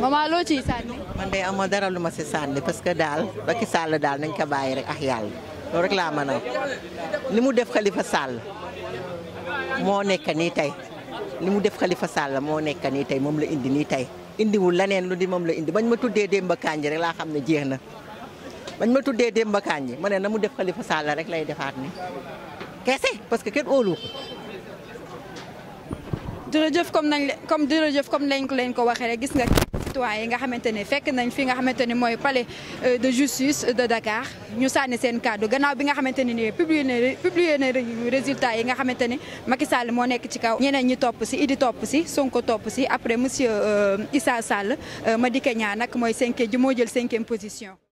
maman loo ciy sànni. man de amoo dara lu ma si sànni parce que daal Macky Sall daal nañ ko bàyyi rek ak yàlla loolu rek laa mën a li mu def xalifa Sall moo nekk nii tey li mu def xalifa Sall moo nekk nii tey moom la indi nii tey indiwul leneen lu di moom la indi bañ ma tuddee Demba Kandji rek laa xam ne jeex na bañ ma tuddee Demba Kandji ma ne na mu def Khalifa Sall rek lay defaat ni kese parce que kenn óolu jërëjëf comme nañ comme jërëjëf comme lañ ko leen ko waxee rek gis nga citoyen yi nga xamante ne fekk nañ fi nga xamante ne mooy palais euh, de justice de Dakar ñu sànni seen kàddu gannaaw bi nga xamante ne nii publier na résultat yi nga xamante ne Macky Sall moo nekk ci kaw ñeneen ñi topp si Idi topp si Sonko topp si après monsieur euh, Issa Sall euh, Madické Niang nag mooy cinquième ji moo jël cinquième position